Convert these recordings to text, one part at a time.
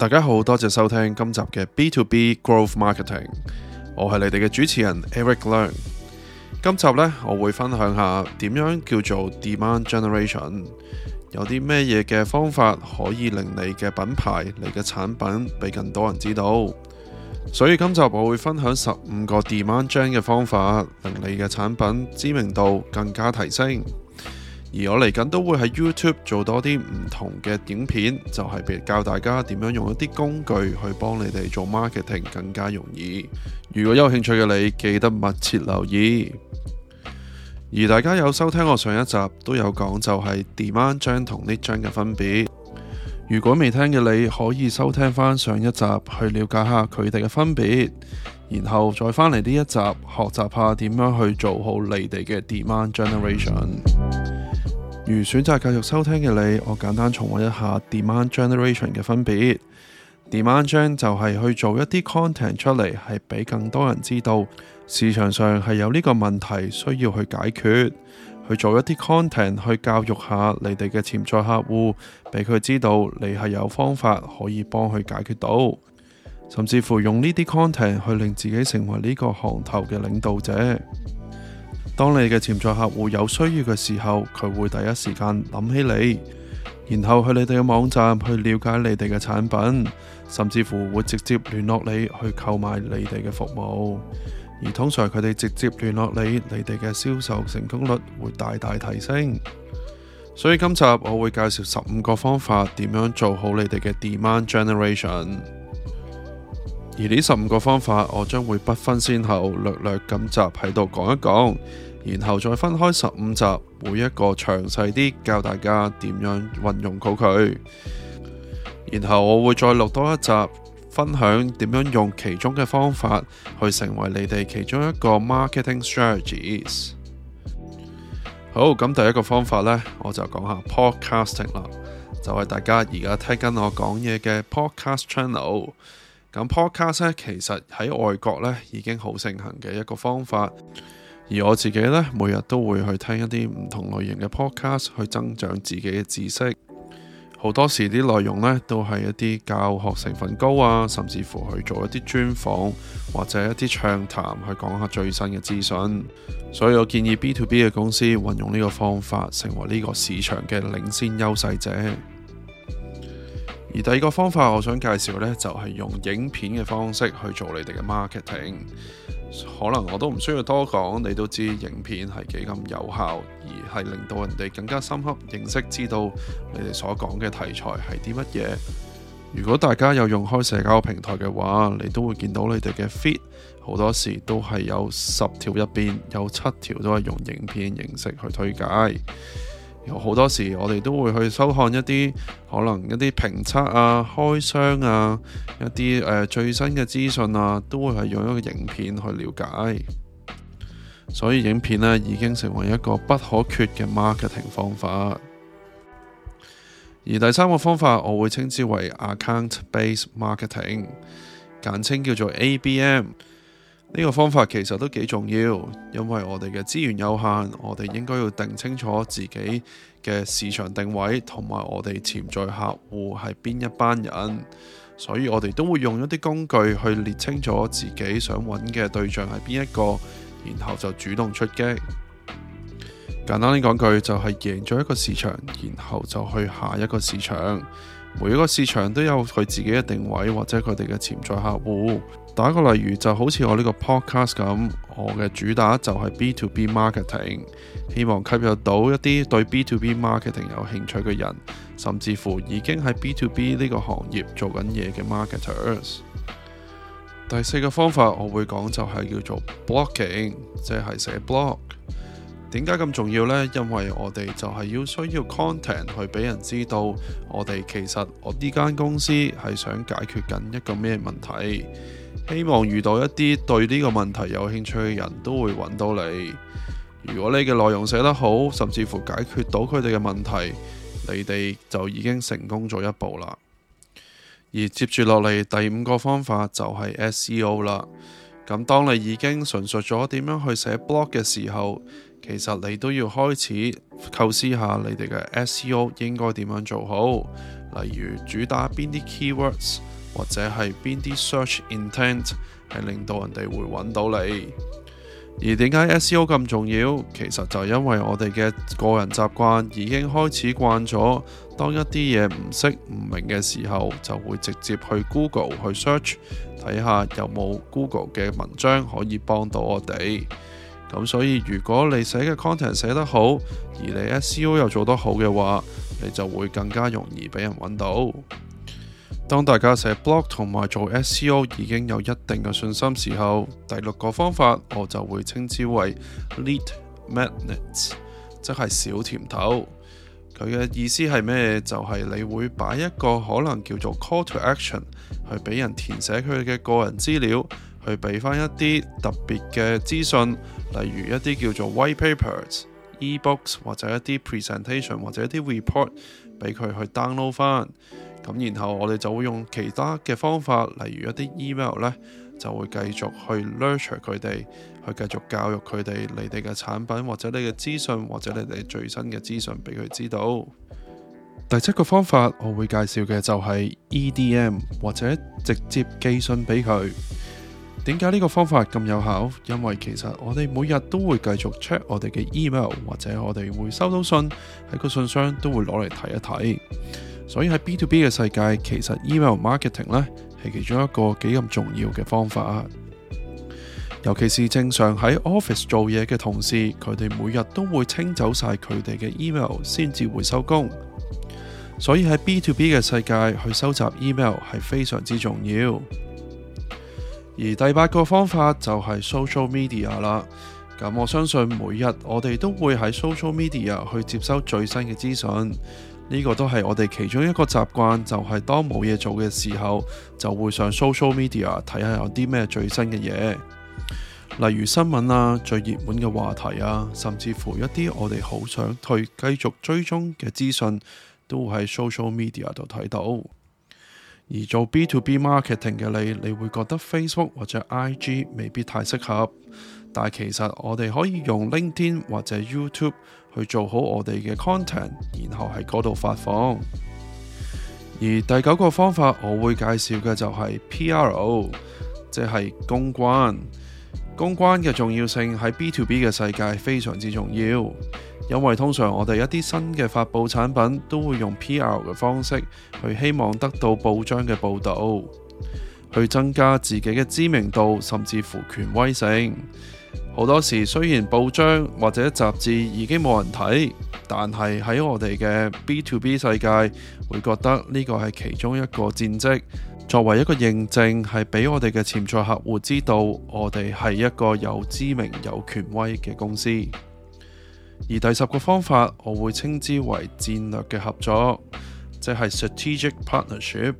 大家好，多謝收聽今集嘅 B to B Growth Marketing，我係你哋嘅主持人 Eric Leung。今集呢我會分享下點樣叫做 Demand Generation，有啲咩嘢嘅方法可以令你嘅品牌、你嘅產品俾更多人知道。所以今集我會分享十五個 Demand Gen 嘅方法，令你嘅產品知名度更加提升。而我嚟緊都會喺 YouTube 做多啲唔同嘅影片，就係譬如教大家點樣用一啲工具去幫你哋做 marketing 更加容易。如果有興趣嘅你，記得密切留意。而大家有收聽我上一集都有講，就係 demand gen 同 lead gen 嘅分別。如果未聽嘅你，可以收聽翻上一集去了解下佢哋嘅分別，然後再返嚟呢一集學習下點樣去做好你哋嘅 demand generation。如選擇繼續收聽嘅你，我簡單重溫一下 Demand Generation 嘅分別。Demand Gen 就係去做一啲 content 出嚟，係俾更多人知道市場上係有呢個問題需要去解決，去做一啲 content 去教育下你哋嘅潛在客戶，俾佢知道你係有方法可以幫佢解決到，甚至乎用呢啲 content 去令自己成為呢個行頭嘅領導者。當你嘅潛在客戶有需要嘅時候，佢會第一時間諗起你，然後去你哋嘅網站去了解你哋嘅產品，甚至乎會直接聯絡你去購買你哋嘅服務。而通常佢哋直接聯絡你，你哋嘅銷售成功率會大大提升。所以今集我會介紹十五個方法，點樣做好你哋嘅 Demand Generation。而呢十五個方法，我將會不分先後，略略咁集喺度講一講，然後再分開十五集，每一個詳細啲教大家點樣運用好佢。然後我會再錄多一集，分享點樣用其中嘅方法去成為你哋其中一個 marketing strategies。好，咁第一個方法呢，我就講下 podcasting 啦，就係大家而家聽緊我講嘢嘅 podcast channel。咁 podcast 咧，其實喺外國咧已經好盛行嘅一個方法，而我自己咧每日都會去聽一啲唔同類型嘅 podcast，去增長自己嘅知識。好多時啲內容咧都係一啲教學成分高啊，甚至乎去做一啲專訪或者一啲暢談去講下最新嘅資訊。所以我建議 B to B 嘅公司運用呢個方法，成為呢個市場嘅領先優勢者。而第二個方法，我想介紹呢，就係用影片嘅方式去做你哋嘅 marketing。可能我都唔需要多講，你都知影片係幾咁有效，而係令到人哋更加深刻認識，知道你哋所講嘅題材係啲乜嘢。如果大家有用開社交平台嘅話，你都會見到你哋嘅 feed 好多時都係有十條入邊有七條都係用影片形式去推介。有好多時，我哋都會去收看一啲可能一啲評測啊、開箱啊、一啲、呃、最新嘅資訊啊，都會係用一個影片去了解，所以影片呢，已經成為一個不可缺嘅 marketing 方法。而第三個方法，我會稱之為 Account Based Marketing，簡稱叫做 ABM。呢個方法其實都幾重要，因為我哋嘅資源有限，我哋應該要定清楚自己嘅市場定位，同埋我哋潛在客戶係邊一班人，所以我哋都會用一啲工具去列清楚自己想揾嘅對象係邊一個，然後就主動出擊。簡單啲講句，就係贏咗一個市場，然後就去下一個市場。每一個市場都有佢自己嘅定位，或者佢哋嘅潛在客戶。打個例如，就好似我呢個 podcast 咁，我嘅主打就係 B to B marketing，希望吸引到一啲對 B to B marketing 有興趣嘅人，甚至乎已經喺 B to B 呢個行業做緊嘢嘅 marketers。第四個方法我會講就係叫做 blogging，即係寫 blog。點解咁重要呢？因為我哋就係要需要 content 去俾人知道，我哋其實我呢間公司係想解決緊一個咩問題。希望遇到一啲對呢個問題有興趣嘅人都會揾到你。如果你嘅內容寫得好，甚至乎解決到佢哋嘅問題，你哋就已經成功咗一步啦。而接住落嚟第五個方法就係 SEO 啦。咁當你已經純熟咗點樣去寫 blog 嘅時候，其實你都要開始構思下你哋嘅 SEO 應該點樣做好，例如主打邊啲 keywords。或者係邊啲 search intent 係令到人哋會揾到你，而點解 SEO 咁重要？其實就因為我哋嘅個人習慣已經開始慣咗，當一啲嘢唔識唔明嘅時候，就會直接去 Google 去 search 睇下有冇 Google 嘅文章可以幫到我哋。咁所以如果你寫嘅 content 寫得好，而你 SEO 又做得好嘅話，你就會更加容易俾人揾到。當大家寫 blog 同埋做 SEO 已經有一定嘅信心時候，第六個方法我就會稱之為 lead magnets，即係小甜頭。佢嘅意思係咩？就係、是、你會擺一個可能叫做 call to action 去俾人填寫佢嘅個人資料，去俾翻一啲特別嘅資訊，例如一啲叫做 white papers、e、ebooks 或者一啲 presentation 或者一啲 report 俾佢去 download 翻。咁，然後我哋就會用其他嘅方法，例如一啲 email 呢，就會繼續去 nurture 佢哋，去繼續教育佢哋你哋嘅產品，或者你嘅資訊，或者你哋最新嘅資訊俾佢知道。第七個方法，我會介紹嘅就係 EDM 或者直接寄信俾佢。點解呢個方法咁有效？因為其實我哋每日都會繼續 check 我哋嘅 email，或者我哋會收到信喺個信箱都會攞嚟睇一睇。所以喺 B to B 嘅世界，其實 email marketing 呢，係其中一個幾咁重要嘅方法。尤其是正常喺 office 做嘢嘅同事，佢哋每日都會清走晒佢哋嘅 email 先至會收工。所以喺 B to B 嘅世界去收集 email 係非常之重要。而第八個方法就係 social media 啦。咁我相信每日我哋都會喺 social media 去接收最新嘅資訊。呢個都係我哋其中一個習慣，就係當冇嘢做嘅時候，就會上 social media 睇下有啲咩最新嘅嘢，例如新聞啊、最熱門嘅話題啊，甚至乎一啲我哋好想去繼續追蹤嘅資訊，都會喺 social media 度睇到。而做 B to B marketing 嘅你，你會覺得 Facebook 或者 IG 未必太適合，但係其實我哋可以用 LinkedIn 或者 YouTube。去做好我哋嘅 content，然後喺嗰度發放。而第九個方法，我會介紹嘅就係 PRO 即係公關。公關嘅重要性喺 B to B 嘅世界非常之重要，因為通常我哋一啲新嘅發布產品都會用 PR 嘅方式去希望得到報章嘅報道，去增加自己嘅知名度，甚至乎權威性。好多時雖然報章或者雜誌已經冇人睇，但係喺我哋嘅 B to B 世界會覺得呢個係其中一個戰績，作為一個認證，係俾我哋嘅潛在客戶知道我哋係一個有知名有權威嘅公司。而第十個方法，我會稱之為戰略嘅合作，即係 strategic partnership。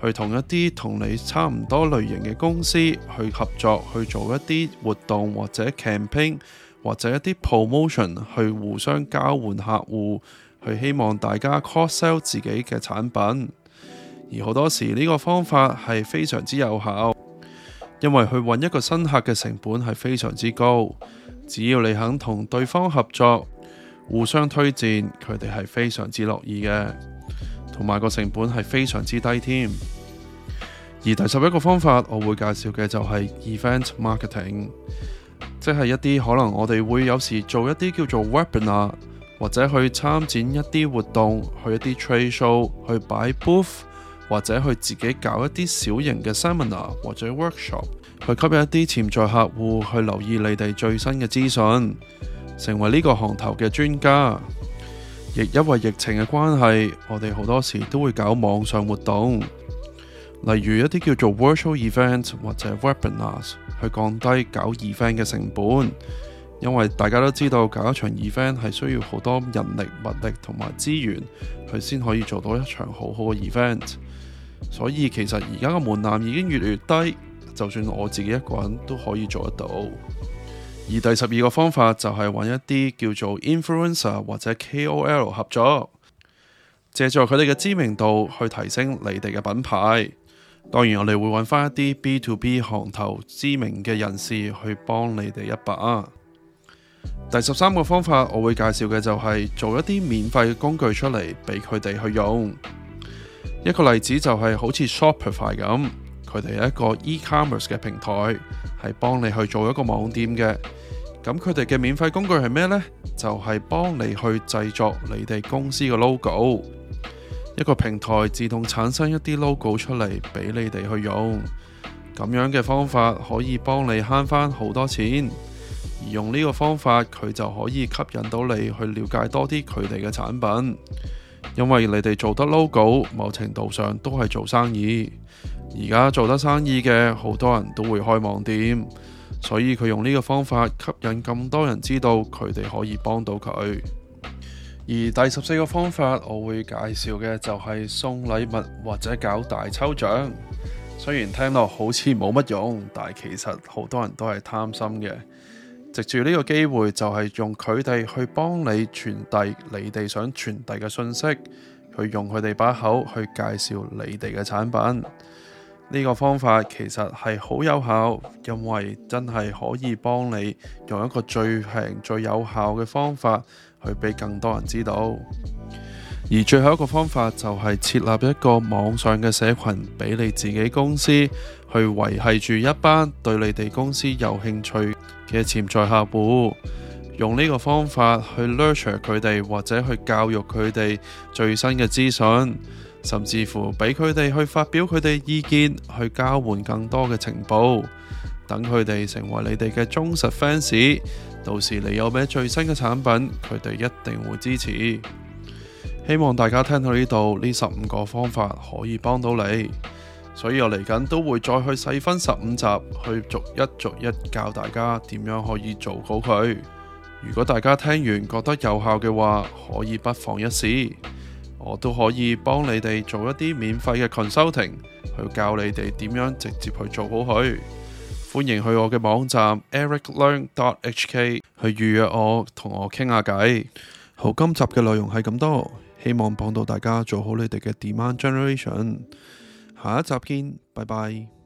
去同一啲同你差唔多類型嘅公司去合作去做一啲活動或者 camping 或者一啲 promotion 去互相交換客戶，去希望大家 cross sell 自己嘅產品。而好多時呢個方法係非常之有效，因為去搵一個新客嘅成本係非常之高。只要你肯同對方合作，互相推薦，佢哋係非常之樂意嘅。同埋個成本係非常之低添。而第十一個方法我會介紹嘅就係 event marketing，即係一啲可能我哋會有時做一啲叫做 webinar，或者去參展一啲活動，去一啲 trade show，去擺 booth，或者去自己搞一啲小型嘅 seminar 或者 workshop，去吸引一啲潛在客戶去留意你哋最新嘅資訊，成為呢個行頭嘅專家。亦因為疫情嘅關係，我哋好多時都會搞網上活動，例如一啲叫做 virtual event 或者 webinars，去降低搞 event 嘅成本。因為大家都知道搞一場 event 係需要好多人力物力同埋資源，佢先可以做到一場好好嘅 event。所以其實而家嘅門檻已經越嚟越低，就算我自己一個人都可以做得到。而第十二個方法就係揾一啲叫做 influencer 或者 KOL 合作，借助佢哋嘅知名度去提升你哋嘅品牌。當然我哋會揾翻一啲 B to B 行頭知名嘅人士去幫你哋一把。第十三個方法我會介紹嘅就係做一啲免費的工具出嚟俾佢哋去用。一個例子就係好似 Shopify 咁。佢哋有一個 e-commerce 嘅平台，係幫你去做一個網店嘅。咁佢哋嘅免費工具係咩呢？就係幫你去製作你哋公司嘅 logo，一個平台自動產生一啲 logo 出嚟俾你哋去用。咁樣嘅方法可以幫你慳翻好多錢，而用呢個方法佢就可以吸引到你去了解多啲佢哋嘅產品。因為你哋做得 logo，某程度上都係做生意。而家做得生意嘅好多人都會開網店，所以佢用呢個方法吸引咁多人知道佢哋可以幫到佢。而第十四個方法我會介紹嘅就係送禮物或者搞大抽獎。雖然聽落好似冇乜用，但係其實好多人都係貪心嘅。藉住呢個機會，就係用佢哋去幫你傳遞你哋想傳遞嘅信息，去用佢哋把口去介紹你哋嘅產品。呢、這個方法其實係好有效，因為真係可以幫你用一個最平、最有效嘅方法去俾更多人知道。而最後一個方法就係設立一個網上嘅社群，俾你自己公司去維繫住一班對你哋公司有興趣。嘅潛在客戶，用呢個方法去 nurture 佢哋，或者去教育佢哋最新嘅資訊，甚至乎俾佢哋去發表佢哋意見，去交換更多嘅情報，等佢哋成為你哋嘅忠實 fans。到時你有咩最新嘅產品，佢哋一定會支持。希望大家聽到呢度呢十五個方法可以幫到你。所以我嚟緊都會再去細分十五集，去逐一逐一教大家點樣可以做好佢。如果大家聽完覺得有效嘅話，可以不妨一試。我都可以幫你哋做一啲免費嘅 consulting，去教你哋點樣直接去做好佢。歡迎去我嘅網站 ericlearn.hk 去預約我，同我傾下偈。好，今集嘅內容係咁多，希望幫到大家做好你哋嘅 demand generation。下一集見，拜拜。